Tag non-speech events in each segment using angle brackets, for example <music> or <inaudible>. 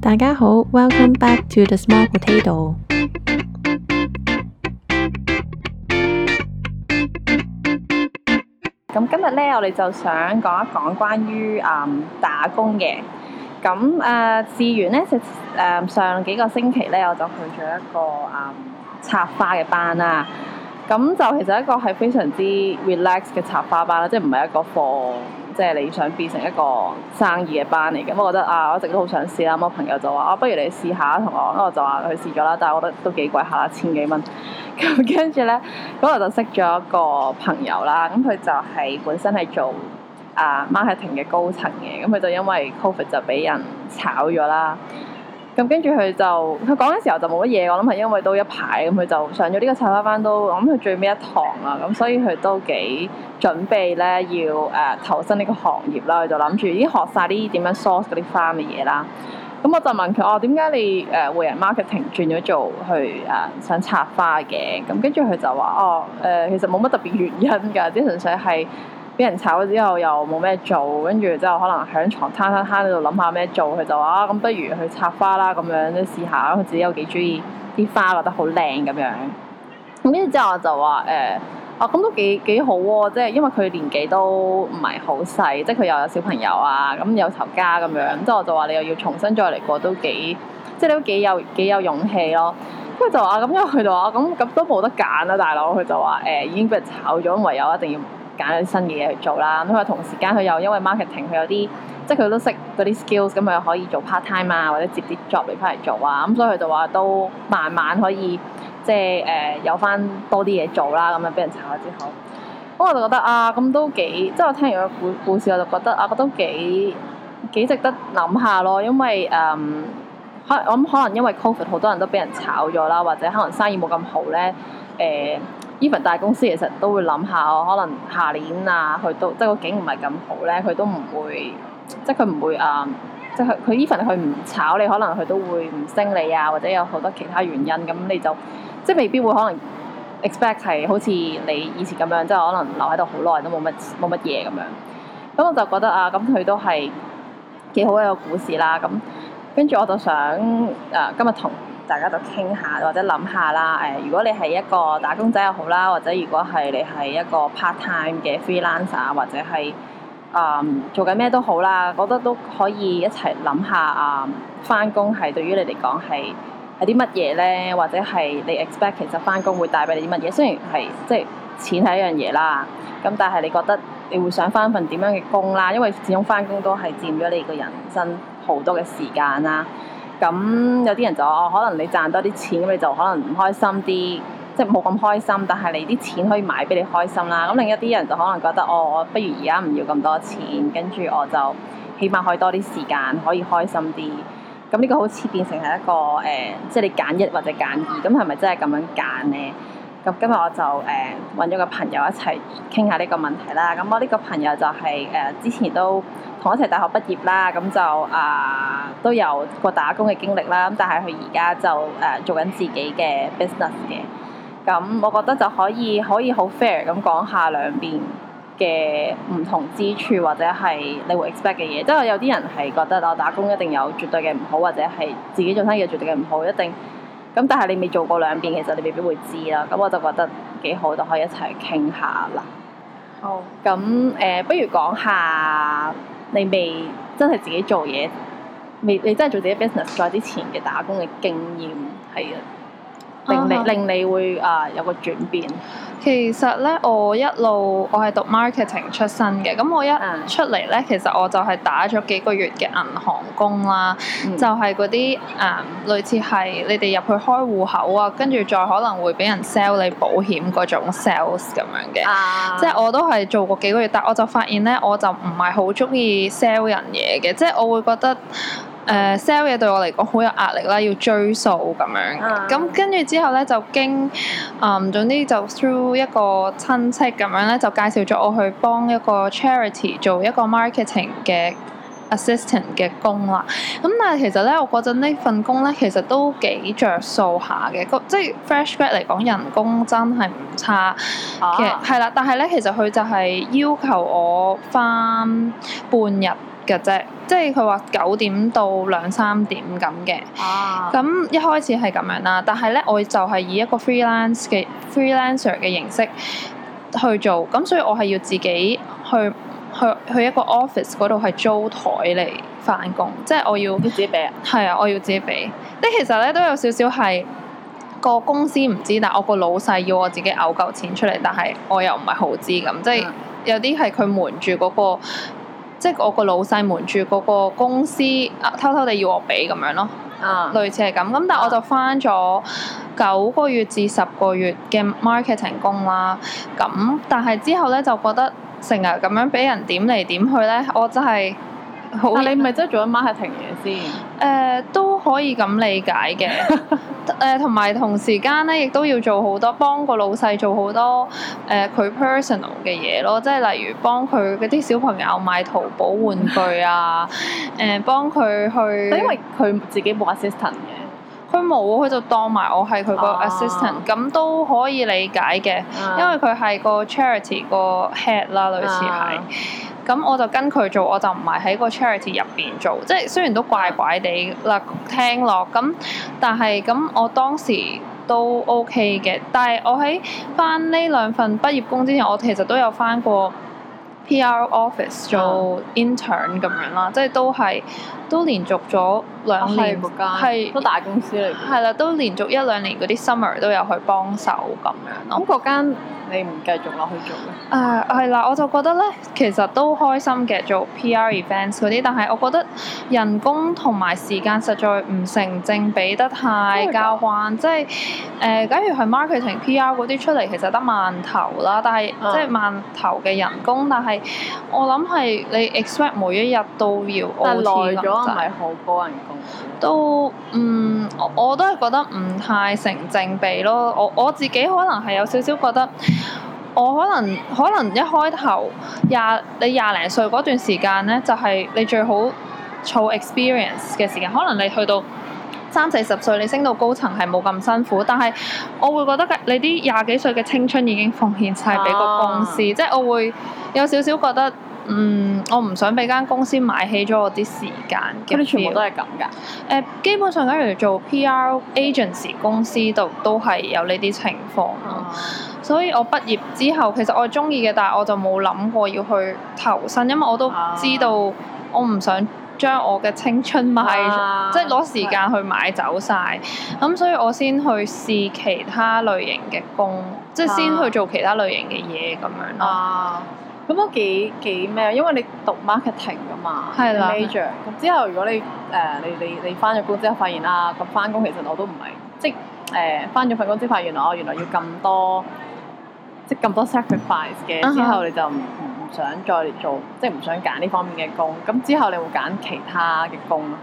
大家好，Welcome back to the Small Potato。咁今日咧，我哋就想講一講關於誒打工嘅。咁誒，自然咧，就誒上幾個星期咧，我就去咗一個誒插花嘅班啦。咁就其實一個係非常之 relax 嘅插花班啦，即係唔係一個課。即係你想變成一個生意嘅班嚟嘅，我覺得啊，我一直都好想試啦。咁我朋友就話啊，不如你試下同我，咁我就話佢試咗啦。但係我覺得都幾貴下，千幾蚊。咁跟住咧，咁我就識咗一個朋友啦。咁佢就係本身係做啊 marketing 嘅高層嘅，咁佢就因為 COVID 就俾人炒咗啦。咁跟住佢就，佢講嘅時候就冇乜嘢，我諗係因為都一排咁，佢就上咗呢個插花班都，我諗佢最尾一堂啦，咁所以佢都幾準備咧要誒、呃、投身呢個行業啦，佢就諗住已經學晒啲點樣 source 嗰啲花嘅嘢啦。咁我就問佢，哦，點解你誒會、呃、人 marketing 轉咗做去誒、呃、想插花嘅？咁跟住佢就話，哦，誒、呃、其實冇乜特別原因㗎，啲純粹係。俾人炒咗之後又冇咩做，跟住之後可能喺床攤攤攤喺度諗下咩做，佢就話，咁、啊、不如去插花啦，咁樣都試下，佢自己又幾中意啲花，覺得好靚咁樣。咁跟住之後我就話，誒、欸，啊，咁、啊、都幾幾好喎！即係因為佢年紀都唔係好細，即係佢又有小朋友啊，咁、嗯、有頭家咁樣。之後我就話，你又要重新再嚟過，都幾，即係你都幾有幾有勇氣咯。跟住就話，咁因為佢就話，咁、啊、咁都冇得揀啦，大佬。佢就話，誒、欸、已經俾人炒咗，唯有一定要。揀咗啲新嘅嘢去做啦，咁佢同時間佢又因為 marketing 佢有啲，即係佢都識嗰啲 skills，咁佢又可以做 part time 啊，或者接啲 job 嚟翻嚟做啊，咁所以佢就話都慢慢可以，即係誒、呃、有翻多啲嘢做啦，咁樣俾人炒咗之後，咁我就覺得啊，咁都幾，即係我聽完個故故事我就覺得啊，覺得都幾幾值得諗下咯，因為誒，可、呃、我諗可能因為 COVID 好多人都俾人炒咗啦，或者可能生意冇咁好咧，誒、呃。Even 大公司其實都會諗下，可能下年啊，佢都即係個景唔係咁好咧，佢都唔會，即係佢唔會誒，即係佢 Even 佢唔炒你，可能佢都會唔升你啊，或者有好多其他原因，咁你就即係未必會可能 expect 係好似你以前咁樣，即係可能留喺度好耐都冇乜冇乜嘢咁樣。咁我就覺得啊，咁佢都係幾好一個股市啦。咁跟住我就想誒、呃、今日同。大家就傾下或者諗下啦誒，如果你係一個打工仔又好啦，或者如果係你係一個 part time 嘅 freelancer 或者係啊、嗯、做緊咩都好啦，覺得都可以一齊諗下啊，翻工係對於你嚟講係係啲乜嘢咧，或者係你 expect 其實翻工會帶俾你啲乜嘢？雖然係即係錢係一樣嘢啦，咁但係你覺得你會想翻份點樣嘅工啦？因為始終翻工都係佔咗你個人生好多嘅時間啦。咁有啲人就話、哦，可能你賺多啲錢，咁你就可能唔開心啲，即係冇咁開心。但係你啲錢可以買俾你開心啦。咁另一啲人就可能覺得，哦、我不如而家唔要咁多錢，跟住我就起碼可以多啲時間，可以開心啲。咁呢個好似變成係一個誒，即、呃、係、就係、你揀一或者揀二。咁係咪真係咁樣揀呢？咁今日我就誒揾咗個朋友一齊傾下呢個問題啦。咁、嗯、我呢個朋友就係、是、誒、呃、之前都同我一齊大學畢業啦，咁、嗯、就啊、呃、都有過打工嘅經歷啦。咁但係佢而家就誒、呃、做緊自己嘅 business 嘅。咁、嗯、我覺得就可以可以好 fair 咁講下兩邊嘅唔同之處，或者係你會 expect 嘅嘢。即、就、係、是、有啲人係覺得我打工一定有絕對嘅唔好，或者係自己做生意有絕對嘅唔好，一定。咁但係你未做過兩邊，其實你未必會知啦。咁我就覺得幾好，就可以一齊傾下啦。好、oh。咁、呃、誒，不如講下你未真係自己做嘢，未你真係做自己 business 在之前嘅打工嘅經驗係啊。令你，令你會啊、呃、有個轉變。其實呢，我一路我係讀 marketing 出身嘅，咁我一出嚟呢，嗯、其實我就係打咗幾個月嘅銀行工啦，嗯、就係嗰啲誒類似係你哋入去開戶口啊，跟住再可能會俾人 sell 你保險嗰種 sales 咁樣嘅，啊、即係我都係做過幾個月，但我就發現呢，我就唔係好中意 sell 人嘢嘅，即係我會覺得。誒 sell 嘢對我嚟講好有壓力啦，要追數咁樣。咁、啊、跟住之後咧，就經誒總之就 through 一個親戚咁樣咧，就介紹咗我去幫一個 charity 做一個 marketing 嘅 assistant 嘅工啦。咁、嗯、但係其實咧，我嗰陣呢份工咧，其實都幾着數下嘅，即係 fresh grad 嚟講人工真係唔差嘅，係啦、啊。但係咧，其實佢就係要求我返半日。嘅啫，即係佢話九點到兩三點咁嘅。咁一開始係咁樣啦，但係咧，我就係以一個 freelance 嘅 freelancer 嘅形式去做，咁所以我係要自己去去去，去一個 office 嗰度係租台嚟翻工，即係我要，要自己俾。係啊，我要自己俾。即係其實咧都有少少係個公司唔知，但我個老細要我自己嘔夠錢出嚟，但係我又唔係好知咁，即係有啲係佢瞞住嗰個。即係我個老細瞞住嗰個公司、啊，偷偷地要我俾咁樣咯，啊、類似係咁。咁但係我就返咗九個月至十個月嘅 marketing 工啦。咁但係之後咧就覺得成日咁樣俾人點嚟點去咧，我真、就、係、是、～好，你咪真係做一晚係停嘢先？誒、呃、都可以咁理解嘅、 <laughs> 呃。誒同埋同時間咧，亦都要做好多幫個老細做好多誒佢 personal 嘅嘢咯，即、呃、係例如幫佢嗰啲小朋友買淘寶玩具啊，誒、 <laughs> 呃、幫佢去。因為佢自己冇 assistant 嘅，佢冇，佢就當埋我係佢個 assistant，咁、啊、都可以理解嘅。啊、因為佢係個 charity 個 head 啦，類似係。啊啊。咁我就跟佢做，我就唔係喺個 charity 入邊做，即係雖然都怪怪地啦聽落，咁但係咁我當時都 OK 嘅。但係我喺翻呢兩份畢業工之前，我其實都有翻過 PR office 做 intern 咁、啊、樣啦，即係都係都連續咗兩年，係、啊、是都大公司嚟。係啦，都連續一兩年嗰啲 summer 都有去幫手咁。咁嗰間。你唔繼續落去做？誒係啦，我就覺得呢，其實都開心嘅做 PR events 嗰啲，但係我覺得人工同埋時間實在唔成正比得太交關。即係、呃、假如係 marketing PR 嗰啲出嚟，其實得萬頭啦，但係、uh. 即係萬頭嘅人工，但係我諗係你 expect 每一日都要 OT，但係耐咗唔係好高人工。都嗯，我，我都係覺得唔太成正比咯。我我自己可能係有少少覺得。我可能可能一開頭廿你廿零歲嗰段時間呢，就係、是、你最好儲 experience 嘅時間。可能你去到三四十歲，你升到高層係冇咁辛苦，但係我會覺得你啲廿幾歲嘅青春已經奉獻晒俾個公司，啊、即係我會有少少覺得。嗯，我唔想俾間公司買起咗我啲時間。佢哋全部都係咁㗎？誒、呃，基本上假如做 PR agency 公司度都係有呢啲情況咯。啊、所以我畢業之後，其實我係中意嘅，但係我就冇諗過要去投身，因為我都知道我唔想將我嘅青春賣，啊、即係攞時間去買走晒。咁、啊、所以我先去試其他類型嘅工，啊、即係先去做其他類型嘅嘢咁樣咯。啊啊咁都幾幾咩啊？因為你讀 marketing 噶嘛的，major 係啦，咁之後如果你誒、呃、你你你翻咗工之後發現啦，咁翻工其實我都唔係即係誒翻咗份工之後發現，原、啊、來我、呃、我原來要咁多即咁多 sacrifice 嘅，之後你就唔唔想再做，即係唔想揀呢方面嘅工。咁之後你會揀其他嘅工啊？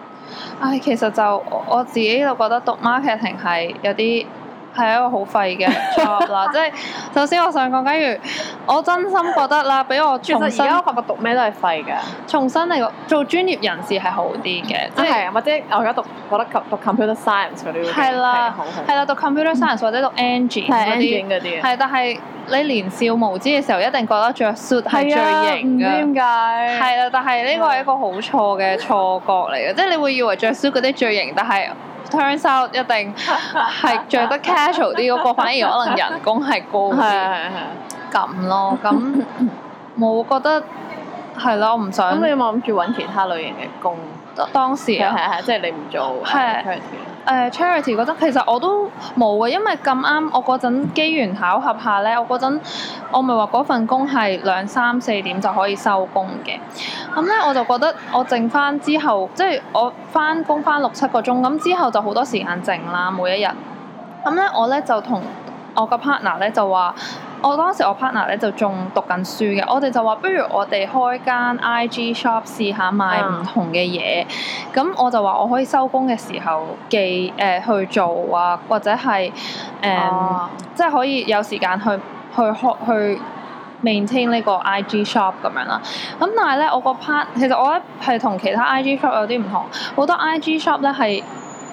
唉、哎，其實就我自己就覺得讀 marketing 係有啲～係一個好廢嘅錯啦！即係首先我想講，假如我真心覺得啦，俾我重新，而家我發覺讀咩都係廢嘅。重新嚟個做專業人士係好啲嘅，即係或者我而家讀覺得讀 computer science 嗰啲，係啦，係啦，讀 computer science 或者讀 engineering 嗰啲，係但係你年少無知嘅時候，一定覺得着 suit 係最型嘅。係啊，唔知點解。係啦，但係呢個係一個好錯嘅錯覺嚟嘅， <laughs> 即係你會以為着 suit 嗰啲最型，但係。一定係着得 casual 啲嗰個，ata, 反而可能人工係高啲咁咯。咁、啊、我覺得係咯，唔想咁，你有冇諗住揾其他類型嘅工？當時啊，係係係，即係你唔做香 Uh, charity 嗰陣其實我都冇啊，因為咁啱我嗰陣機緣巧合下呢，我嗰陣我咪話嗰份工係兩三四點就可以收工嘅，咁呢，我就覺得我剩翻之後，即係我翻工翻六七個鐘，咁之後就好多時間剩啦，每一日。咁呢，我呢就同我個 partner 呢就話。我當時我 partner 咧就仲讀緊書嘅，我哋就話不如我哋開間 IG shop 試下賣唔同嘅嘢，咁、嗯、我就話我可以收工嘅時候記誒、呃、去做啊，或者係誒、嗯哦、即係可以有時間去去開去，去 maintain 呢個 IG shop 咁樣啦。咁但係咧我個 partner 其實我覺得係同其他 IG shop 有啲唔同，好多 IG shop 咧係。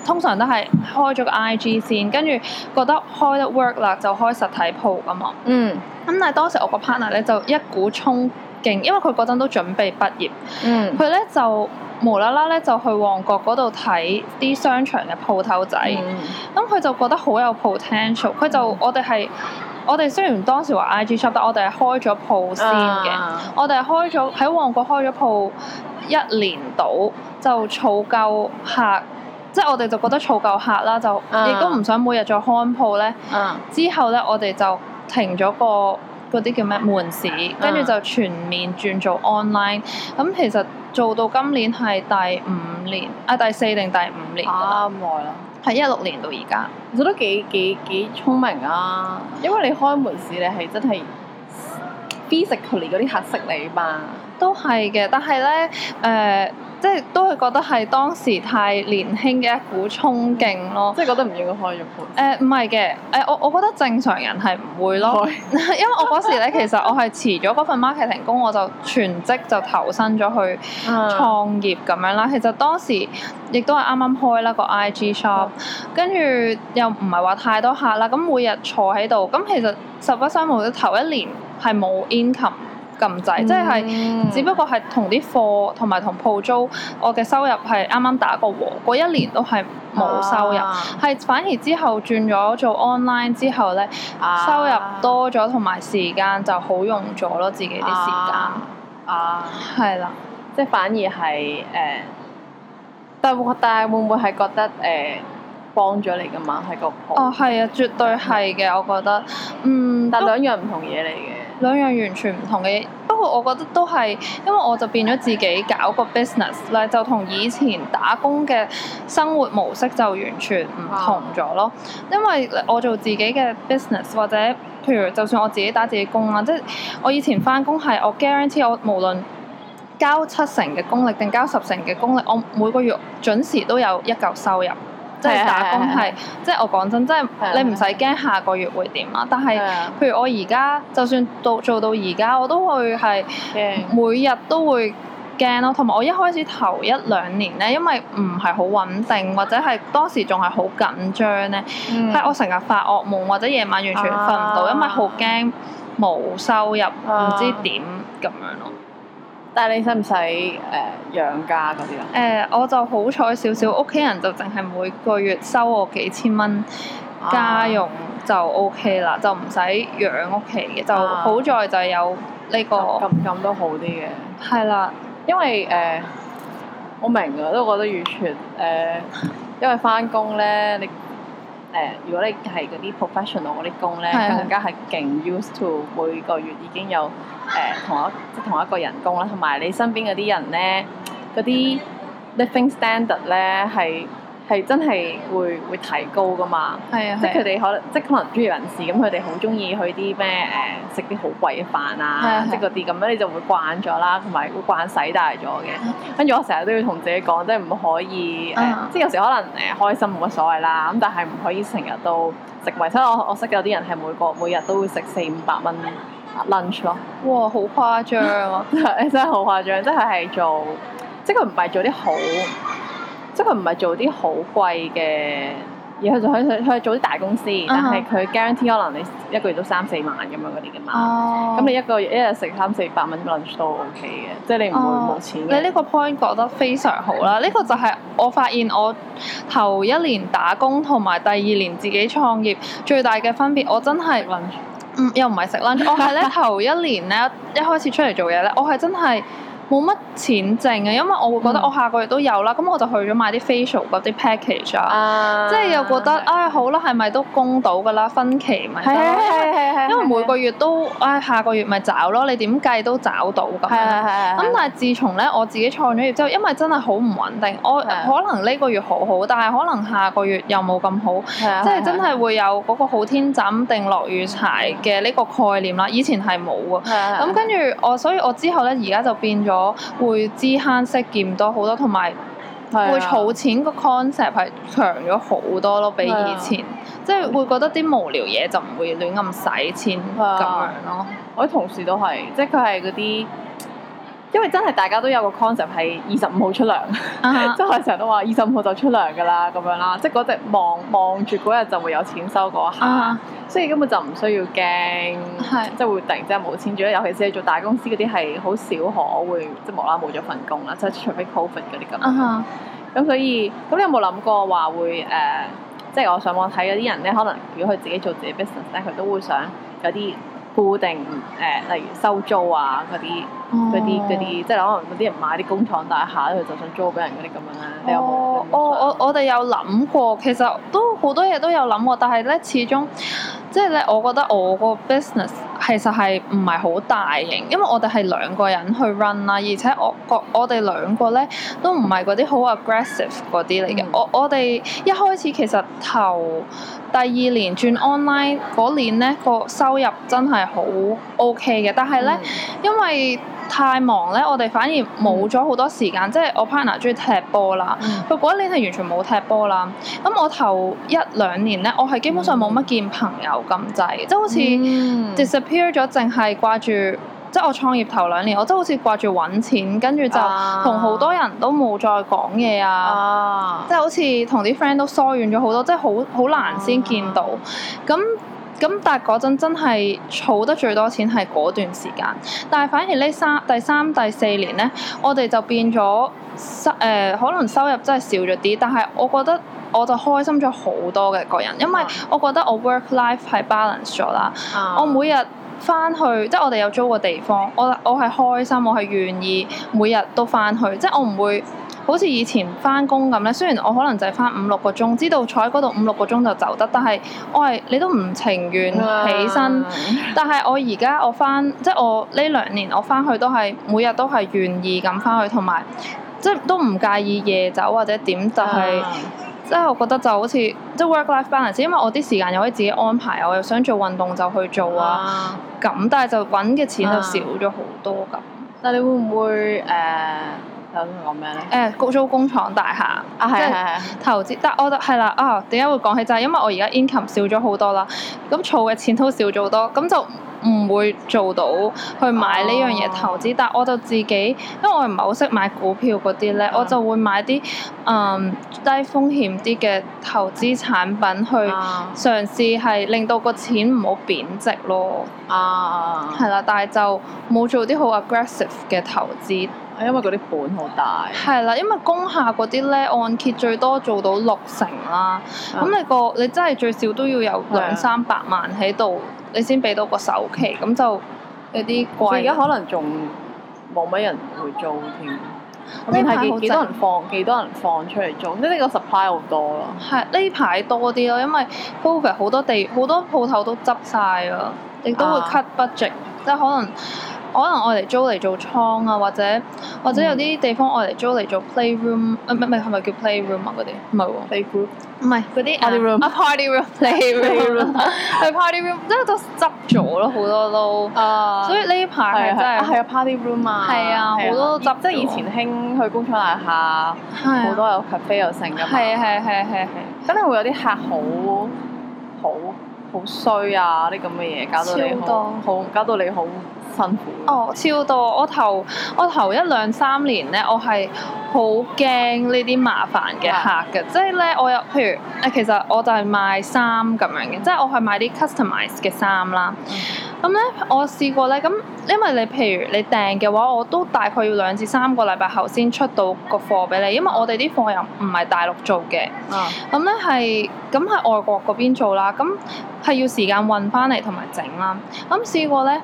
通常都係開咗個 IG 先，跟住覺得開得 work 啦，就開實體鋪㗎嘛。嗯。咁但係當時我個 partner 咧就一股衝勁，因為佢嗰陣都準備畢業。嗯。佢咧就無啦啦咧就去旺角嗰度睇啲商場嘅鋪頭仔，咁佢、嗯、就覺得好有 potential。佢就、嗯、我哋係我哋雖然當時話 IG shop，但係我哋係開咗鋪先嘅。啊、我哋係開咗喺旺角開咗鋪一年度就儲夠客。即係我哋就覺得儲夠客啦，就亦都唔想每日再看鋪咧。嗯、之後咧，我哋就停咗個嗰啲叫咩門市，跟住就全面轉做 online。咁其實做到今年係第五年、嗯、啊，第四定第五年啊，啱耐啦。係一六年到而家，其實都幾幾幾聰明啊，因為你開門市你係真係。B s c i 級嗰啲客識你嘛？都係嘅，但係咧誒，即係都係覺得係當時太年輕嘅一股衝勁咯，嗯、即係覺得唔應該開咗鋪。唔係嘅，誒、呃、我我覺得正常人係唔會咯， <laughs> 因為我嗰時咧其實我係辭咗嗰份 marketing 工，我就全職就投身咗去創業咁樣啦。嗯、其實當時亦都係啱啱開啦、那個 i g shop、嗯、跟住又唔係話太多客啦，咁每日坐喺度咁，其實十不三無都頭一年。係冇 Income 咁滯，即係、嗯、只不過係同啲貨同埋同鋪租，我嘅收入係啱啱打過和，嗰一年都係冇收入，係、啊、反而之後轉咗做 online 之後呢，啊、收入多咗，同埋時間就好用咗咯，自己啲時間啊，係、啊、啦，的即係反而係誒、uh,，但係但係會唔會係覺得誒、uh, 幫咗你噶嘛？係個哦，係啊，啊，絕對係嘅，Okay. 我覺得，嗯，但，都但兩樣唔同嘢嚟嘅。兩樣完全唔同嘅嘢，不過我覺得都係，因為我就變咗自己搞個 business 啦，就同以前打工嘅生活模式就完全唔同咗咯。啊、因為我做自己嘅 business 或者譬如就算我自己打自己工啦，即係我以前翻工係我 guarantee 我無論交七成嘅功力定交十成嘅功力，我每個月準時都有一嚿收入。即係打工係，即係我講真，即係你唔使驚下個月會點啊。但係譬如我而家，就算到做，做到而家，我都會係每日都會驚咯。同埋我一開始頭一兩年咧，因為唔係好穩定，或者係當時仲係好緊張咧，係我成日發噩夢，或者夜晚完全瞓唔到，是的 因為好驚冇收入，唔、啊、知點咁樣咯。但係你使唔使誒養家嗰啲啊？誒、呃、我就好彩少少，屋企人就淨係每個月收我幾千蚊家用、啊、就 OK 啦，就唔使養屋企嘅，啊、就好在就係有呢個咁咁都好啲嘅。係啦，因為誒、呃、我明啊，都覺得完全誒、呃，因為返工咧你。誒、呃，如果你係嗰啲 professional 嗰啲工咧，是的 更加係勁 used to 每個月已經有誒、呃、同一即同一個人工啦，同埋你身邊嗰啲人咧，嗰啲 living standard 咧係。係真係會會提高噶嘛？係啊！即係佢哋可能即係、就是、可能專業人士咁，佢哋好中意去啲咩誒食啲好貴嘅飯啊，即係嗰啲咁咧，你就會慣咗啦，同埋會慣洗大咗嘅。跟住、嗯、我成日都要同自己講，即係唔可以、呃嗯、即係有時可能誒、呃、開心冇乜所謂啦。咁但係唔可以成日都食。所以，我我識有啲人係每個每日都會食四五百蚊 lunch 咯。哇！好誇張啊！ <laughs> 真係好誇張，即係佢係做，即係佢唔係做啲好。即係佢唔係做啲好貴嘅，而佢仲可以佢佢做啲大公司，uh huh. 但係佢 guarantee 可能你一個月都三四萬咁樣嗰啲嘅嘛。咁、uh huh. 你一個月一日食三四百蚊 lunch 都 OK 嘅，即係你唔會冇錢、uh huh. 你呢個 point 覺得非常好啦！呢 Yeah. 個就係我發現我頭一年打工同埋第二年自己創業最大嘅分別，我真係、嗯、又唔係食 lunch。 <laughs> 我係咧頭一年咧一開始出嚟做嘢咧，我係真係。冇乜錢剩啊，因為我會覺得我下個月都有啦，咁我就去咗買啲 facial 嗰啲 package 啊，即係又覺得唉，好啦，係咪都供到㗎啦？分期咪，因為每個月都唉，下個月咪找咯，你點計都找到㗎。係咁，但係自從咧我自己創咗業之後，因為真係好唔穩定，我可能呢個月好好，但係可能下個月又冇咁好，即係真係會有嗰個好天斬定落雨柴嘅呢個概念啦。以前係冇㗎。係咁，跟住我，所以我之後咧而家就變咗。咗會知慳識儉多好多，同埋會儲錢個 concept 係強咗好多咯，比以前的即係會覺得啲無聊嘢就唔會亂咁使錢咁的樣咯。我啲同事都係，即係佢係嗰啲。因為真係大家都有個 concept 係二十五號出糧、uh，即係成日都話二十五號就出糧㗎啦，咁樣啦，即係嗰隻望望住嗰日就會有錢收嗰下，uh huh. 所以根本就唔需要驚，uh huh. 即係會突然之間冇錢住。仲有尤其是做大公司嗰啲係好少可會即係無啦啦冇咗份工啦，即係除非 COVID 嗰啲咁。咁、uh huh. 所以咁你有冇諗過話會誒、呃，即係我上網睇嗰啲人咧，可能如果佢自己做自己 business 咧，佢都會想有啲。固定誒，例如收租啊，啲啲啲，即係可能啲人買啲工廠大廈咧，佢就想租俾人啲咁樣啦。你有冇哦？你想我我我哋有諗過，其實都好多嘢都有諗過，但係咧始終，即係咧，我覺得我個 business 其實係唔係好大型，因為我哋係兩個人去 run 啊，而且我覺我哋兩個咧都唔係啲好 aggressive 啲嚟嘅，嗯。我我哋一開始其實頭第二年轉 online 嗰年咧個收入真係。係好 OK 嘅，但係咧，嗯、因為太忙咧，我哋反而冇咗好多時間。即係、嗯、我 partner 中意踢波啦，佢嗰、嗯、一年係完全冇踢波啦。咁我頭一兩年咧，我係基本上冇乜見朋友咁滯，即係、嗯、好似 disappear 咗，淨係掛住，即、就、係、係、我創業頭兩年，我即係好似掛住揾錢，跟住就同好多人都冇再講嘢啊，即係好似同啲 friend 都疏遠咗好多，即係好好難先見到，咁。啊啊啊咁但係嗰陣真係儲得最多錢係嗰段時間，但係反而呢三、第三、第四年呢，我哋就變咗收誒，可能收入真係少咗啲，但係我覺得我就開心咗好多嘅個人，因為我覺得我 work life 係 balance 咗啦。嗯、我每日翻去，即係我哋有租個地方，我我係開心，我係願意每日都翻去，即係我唔會，好似以前翻工咁咧，雖然我可能就係翻五六個鐘，知道坐喺嗰度五六個鐘就走得，但係我係你都唔情願起身。哇但係我而家我翻，即係我呢兩年我翻去都係每日都係願意咁翻去，同埋即係都唔介意夜走或者點，啊、就係即係我覺得就好似即係 work life balance，因為我啲時間又可以自己安排，我又想做運動就去做啊咁，但係就揾嘅錢就少咗好多咁。啊、但係你會唔會誒？Uh, 誒，攪、欸、租工廠大廈，啊、即係投資。是是是是，但係我覺得，係啦，啊，點解會講起？就係因為我而家 income 少咗好多啦，咁儲嘅錢都少咗好多，咁就唔會做到去買呢樣嘢投資。哦、但係我就自己，因為我唔係好識買股票嗰啲咧，嗯嗯我就會買啲嗯低風險啲嘅投資產品去、啊、嘗試，係令到個錢唔好貶值咯。啊，係啦，但係就冇做啲好 aggressive 嘅投資。因為嗰啲本好大。係啦，因為工廈嗰啲咧按揭最多做到六成啦、啊，咁、啊、你個你真係最少都要有兩三百萬喺度，啊、你先俾到個首期，咁就有啲貴。而家可能仲冇乜人會租添，呢排幾多人放幾多人放出嚟租？即係你個 supply 好多咯。係呢排多啲咯、啊，因為分別好多地好多鋪頭都執晒啊，亦都會 cut budget，啊、即係可能。可能我嚟租嚟做倉啊，或者或者有啲地方我嚟租嚟做 playroom，唔咪咪係咪叫 playroom 啊？嗰啲唔係喎，playgroup 唔係嗰啲 party room，party room，playroom 係 party room。即係都執咗咯，好多都，所以呢排係真係係啊，party room 啊，係啊，好多執，即係以前興去工廠大廈，好多有 cafe 又成噶嘛，係係係係係，真係會有啲客好好好衰啊！啲咁嘅嘢搞到你好，好搞到你好。哦，超多！我頭我頭一兩三年咧，我係好驚呢啲麻煩嘅客嘅，即係咧我有譬如誒，其實我就係賣衫咁樣嘅，即係我係賣啲 customize 嘅衫啦。咁咧、嗯、我試過咧，咁因為你譬如你訂嘅話，我都大概要兩至三個禮拜後先出到個貨俾你，因為我哋啲貨又唔係大陸做嘅。咁咧係咁喺外國嗰邊做啦，咁、嗯、係要時間運翻嚟同埋整啦。咁、嗯、試過咧。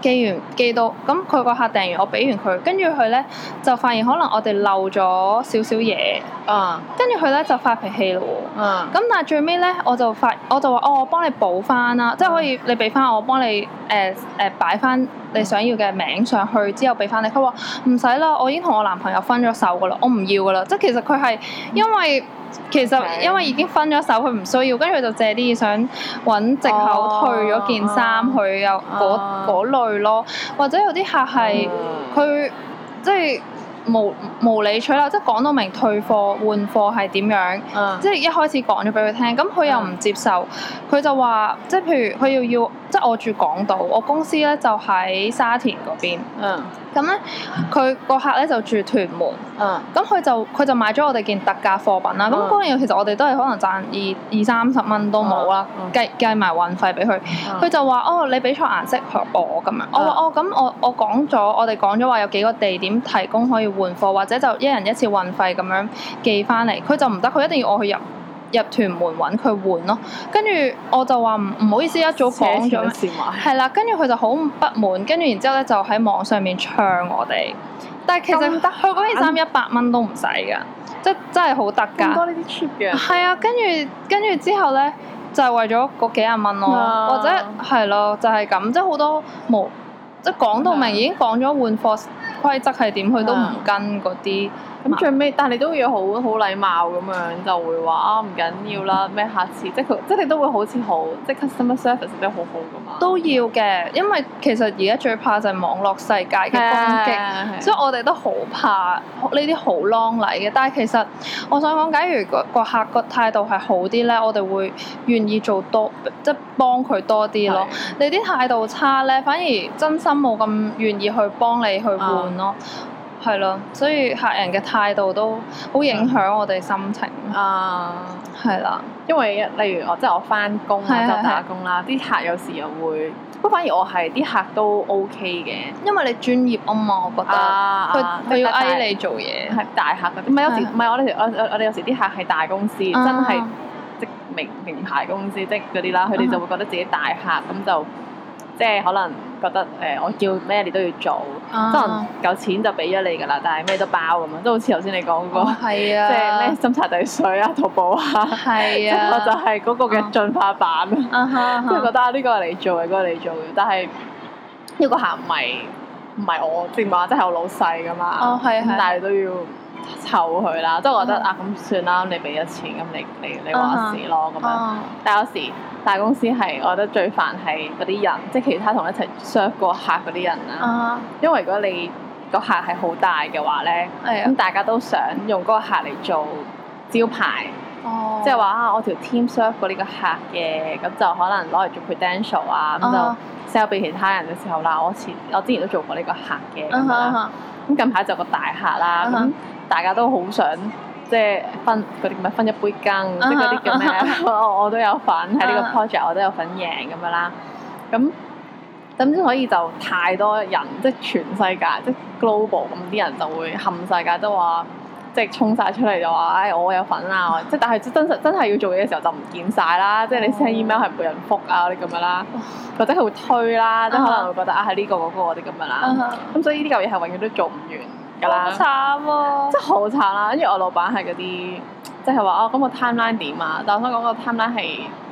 寄完寄到咁，佢個客訂完，我俾完佢，跟住佢咧就發現可能我哋漏咗少少嘢，嗯、uh.，跟住佢咧就發脾氣啦喎，嗯、uh.，咁但係最尾咧我就發我就話哦，我幫你補翻啦，uh. 即係可以你俾翻我，我幫你誒誒、uh, uh, 擺翻。你想要嘅名上去之後俾翻你，佢話唔使啦，我已經同我男朋友分咗手噶啦，我唔要噶啦，即係其實佢係因為其實因為已經分咗手，佢唔需要，跟住佢就借啲想揾藉口退咗件衫去又嗰類咯，或者有啲客係佢、嗯、即係。無無理取鬧，即係講到明退貨換貨係點樣，uh. 即係一開始講咗俾佢聽，咁佢又唔接受，佢、uh. 就話即係譬如佢要要，即係我住港島，我公司呢就喺沙田嗰邊。Uh. 咁咧，佢個客咧就住屯門，咁佢、啊、就佢就買咗我哋件特價貨品啦。咁嗰樣其實我哋都係可能賺二二三十蚊都冇啦，計計埋運費俾佢。佢、啊、就話：哦，你俾錯顏色我咁樣。啊、我話：哦，咁我我講咗，我哋講咗話有幾個地點提供可以換貨，或者就一人一次運費咁樣寄翻嚟。佢就唔得，佢一定要我去入。入屯門揾佢換咯，跟住我就話唔唔好意思，一、啊、早講咗。扯話。 <laughs> 係啦，跟住佢就好不滿，跟住然之後咧就喺網上面唱我哋。但係其實得，佢嗰件衫一百蚊都唔使嘅，即係真係好得㗎。好多呢啲 cheap 嘅。係啊，跟住跟住之後呢，就係、是、為咗嗰幾廿蚊咯，嗯、或者係咯就係、是、咁，即係好多冇即係講到明、嗯、已經講咗換貨規則係點，佢都唔跟嗰啲。咁最尾，但係你都要好好禮貌咁樣，就會話啊，唔緊要啦，咩下次即係佢，即係你都會好似好即刻 customer service 得好好咁嘛。都要嘅，嗯、因為其實而家最怕就係網絡世界嘅攻擊，所以我哋都好怕呢啲好 long 禮嘅。但係其實我想講，假如個客個態度係好啲咧，我哋會願意做多即係、就是、幫佢多啲咯。的你啲態度差咧，反而真心冇咁願意去幫你去換咯。嗯係咯，所以客人嘅態度都好影響我哋心情，嗯。啊，係啦，因為例如我即係我翻工啦，就是打工啦，啲客有時又會，不過反而我係啲客都 OK 嘅。因為你專業啊嘛，我覺得佢、啊、要依你做嘢。係、啊、大客嗰啲，唔係是有時唔係我哋，我我我哋有時啲客係大公司，真係、啊、即名名牌公司，即嗰啲啦，佢哋就會覺得自己大客，咁就。即係可能覺得誒、呃，我叫咩你都要做，uh huh. 即係夠錢就俾咗你㗎啦，但係咩都包咁樣，都好似頭先你講嗰個，即係咩斟茶遞水啊、淘寶啊，我、uh huh. 就係嗰個嘅進化版咯。因為、uh huh. 覺得呢個係你做，嗰、呢個你做嘅，但係呢個客唔係唔係我，即係唔係我老細㗎嘛。Uh huh. 但係都要湊佢啦，uh huh. 即我覺得啊，咁算啦，你俾咗錢，咁你你你話事咯咁樣。Uh huh. 但有時。大公司係，我覺得最煩係嗰啲人，即係其他同一齊 serve 過客嗰啲人啦。Uh huh. 因為如果你個客係好大嘅話咧，咁、uh huh. 大家都想用嗰個客嚟做招牌，uh huh. 即係話啊，我條 team serve 過呢個客嘅，咁就可能攞嚟做 potential 啊、uh，咁、huh. 就 sell 畀其他人嘅時候啦。我前我之前都做過呢個客嘅咁、uh huh. 近排就個大客啦，咁、uh huh. 大家都好想。即係分啲乜分一杯羹，即係嗰啲叫咩，我我都有份喺呢個 project，我都有份贏咁樣啦。咁咁所以就太多人，即係全世界，即係 global 咁啲人就會冚世界都話，即係衝晒出嚟就話，唉、哎，我有份啊！即係但係真實真係要做嘢嘅時候就唔見晒啦。即係你 send email 係冇人覆啊啲咁樣啦，或者係會推啦，即係可能會覺得、uh huh. 啊，係呢個嗰、嗰個啲咁、嗰個、樣啦。咁、uh huh. 嗯、所以呢嚿嘢係永遠都做唔完。好慘喎！真係好慘啦！因為我老闆係嗰啲，即係話哦，咁、個 timeline 點啊？但我想講個 timeline 係，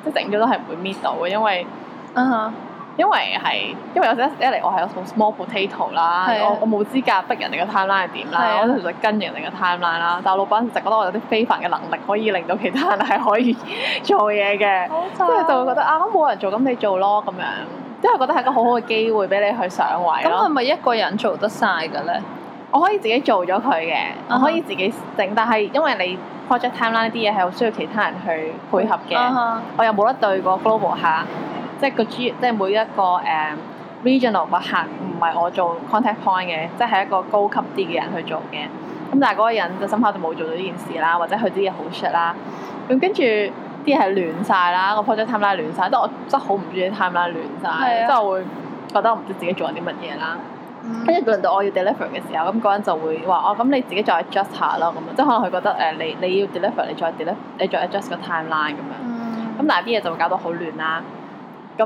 即係整咗都係唔會搣到嘅，因為嗯哼因為，因為係因為我一我一嚟是、啊，我係有種 small potato 啦，我我冇資格逼人哋個 timeline 係點啦，是啊、我都跟人哋個 timeline 啦。但係老闆成日覺得我有啲非凡嘅能力，可以令到其他人係可以做嘢嘅，慘啊、即係就會覺得啊，冇人做咁你做咯咁樣，即係覺得係一個好好嘅機會俾你去上位，咁係咪一個人做得晒嘅咧？ <laughs> 我可以自己做咗佢嘅，uh huh. 我可以自己整，但係因為你 project timeline，呢啲嘢係好需要其他人去配合嘅，uh huh. 我又冇得對個 global 客，即係個即係每一個誒、um, regional 個客唔係我做 contact point 嘅，即係係一個高級啲嘅人去做嘅。咁但係嗰個人就深刻就冇做到呢件事啦，或者佢啲嘢好 shut 啦，咁跟住啲嘢係亂晒啦，個 project timeline 亂晒。即係我真係好唔中意 timeline 亂曬，即係 Yeah. 我會覺得我唔知自己做緊啲乜嘢啦。跟住輪到我要 deliver 嘅時候，咁、嗰個人就會話：哦，咁你自己再 adjust 下啦，咁啊，即係可能佢覺得誒、呃，你你要 deliver，你再 del，你再 adjust 個 timeline 咁樣。嗯。咁但係啲嘢就會搞到好亂啦。咁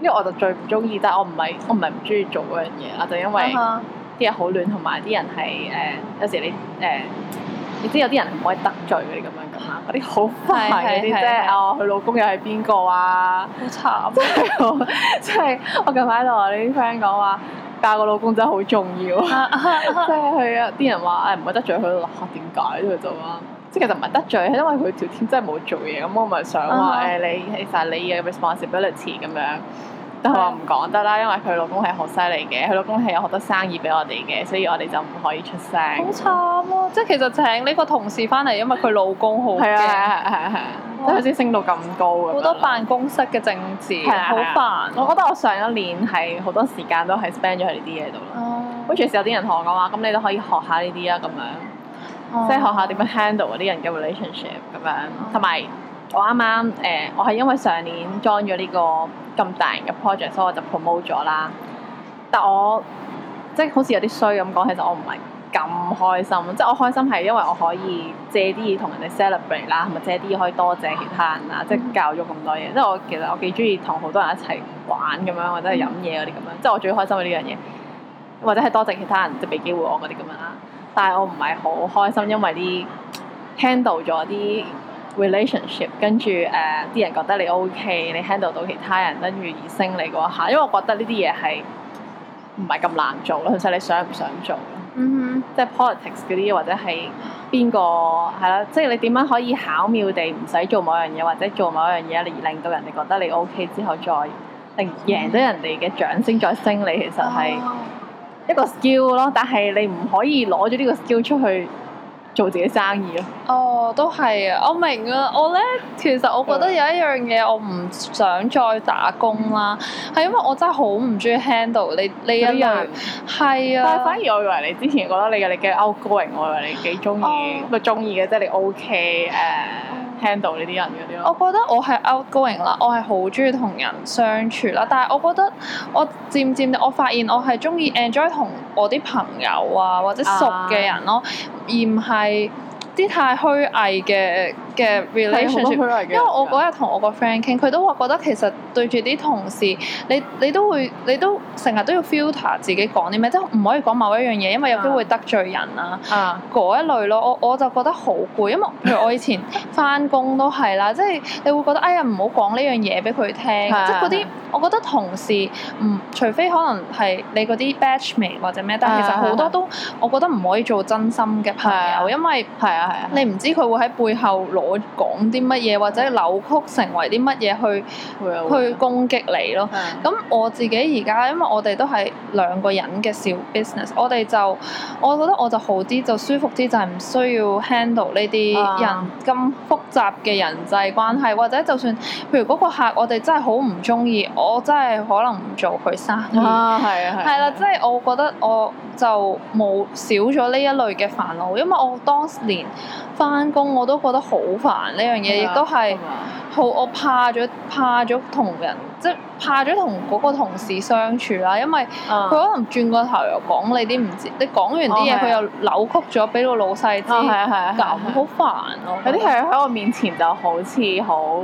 因為我就最唔中意，但係我唔係我唔係唔中意做嗰樣嘢啦，就因為啲嘢好亂，同埋啲人係誒、呃，有時你誒、呃，你知有啲人唔可以得罪嗰啲咁樣噶嘛，嗰啲好快嗰啲啫啊，佢對、嗯、老公又係邊個啊？好慘！即係， <laughs> 真、就、係、是，就是、我近排同我啲 friend 講話。嫁個老公真係好重要，啊，即係係啊！啲人話誒、唔係得罪佢，嚇點解咧？佢就話，即係其實唔係得罪，係因為佢條 team 真係冇做嘢，咁我咪想話誒、uh huh. 哎、你，其實你嘅 responsibility 咁樣。但係唔講得啦，因為佢老公係好犀利嘅，佢老公係有好多生意俾我哋嘅，所以我哋就唔可以出聲。好慘啊！即係其實請呢個同事翻嚟，因為佢老公好驚，係啊係係係係，所以先升到咁高。好多辦公室嘅政治，好 <laughs> <laughs> 是煩。我覺得我上一年係好多時間都係 spend 咗喺呢啲嘢度啦。好似、哦、有啲人同我講話，咁你都可以學下呢啲啊，咁樣即係、哦、學下點樣 handle 嗰啲人嘅 relationship 咁樣，同埋。我啱啱誒，我係因為上年 join 咗呢個咁大型嘅 project，所以我就 promote 咗啦。但我即係好似有啲衰咁講，其實我唔係咁開心。即係我開心係因為我可以借啲嘢同人哋 celebrate 啦，同埋借啲嘢可以多謝其他人啦，即係教咗咁多嘢。即係我其實我幾中意同好多人一齊玩咁樣，或者係飲嘢嗰啲咁樣。即係我最開心嘅呢樣嘢，或者係多謝其他人即係俾機會我嗰啲咁樣啦。但係我唔係好開心，因為啲 handle 咗啲 relationship 跟住誒啲、呃、人覺得你 OK，你 handle 到其他人跟住而升你嗰下，因為我覺得呢啲嘢係唔係咁難做咯，其實你想唔想做咯？嗯哼、mm hmm.，即係 politics 嗰啲或者係邊個，係啦，即係你點樣可以巧妙地唔使做某樣嘢或者做某樣嘢，而令到人哋覺得你 OK 之後再令贏到人哋嘅掌聲、mm hmm. 再升你，其實係一個 skill 咯。但係你唔可以攞咗呢個 skill 出去。做自己生意咯。哦，都係啊，我明啊，我咧，其實我覺得有一樣嘢，我唔想再打工啦，係、嗯、因為我真係好唔中意 handle 你呢一樣。係明是啊。但係反而我以為你之前覺得你嘅你嘅 outgoing，我以為你幾中意，咪中意嘅，即啫，你 OK 誒、uh。聽到呢啲人嗰啲咯，我覺得我係 outgoing 啦，我係好中意同人相處啦。但係我覺得我漸漸地，我發現我係中意 enjoy 同我啲朋友啊，或者熟嘅人咯，啊、而唔係啲太虛偽嘅。嘅的 relationship， <music> 因為我嗰日同我個 friend 傾，佢都話覺得其實對住啲同事，你你都會你都成日都要 filter 自己講啲咩，即係唔可以講某一樣嘢，因為有機會得罪人啊，嗰 <music> 一類咯。我我就覺得好攰，因為譬如我以前翻工都係啦，即係 <laughs> 你會覺得哎呀唔好講呢樣嘢俾佢聽，即係嗰啲我覺得同事唔除非可能係你嗰啲 batchmate 或者咩，但係其實好多都我覺得唔可以做真心嘅朋友， <music> <music> <music> 因為係啊，係啊，你唔知佢會喺背後攞。我講啲乜嘢，或者扭曲成為啲乜嘢去 Really? 去攻擊你咯？咁我自己而家，因為我哋都係兩個人嘅小 business，我哋就我覺得我就好啲，就舒服啲，就係、是、唔需要 handle 呢啲人咁、uh. 複雜嘅人際關係或者就算譬如嗰個客，我哋真係好唔中意，我真係可能唔做佢生意。啊、uh,，係啊，係啦的，即係的、就是、我覺得我就冇少咗呢一類嘅煩惱，因為我當年翻工我都覺得好。煩呢樣嘢，亦都係好，我怕咗，怕咗同人，即係怕咗同嗰個同事相處啦，因為佢可能轉個頭又講你啲唔知，嗯、你講完啲嘢，佢、哦、又扭曲咗俾個老細知，咁好、哦、煩咯。有啲係喺我面前就好似好。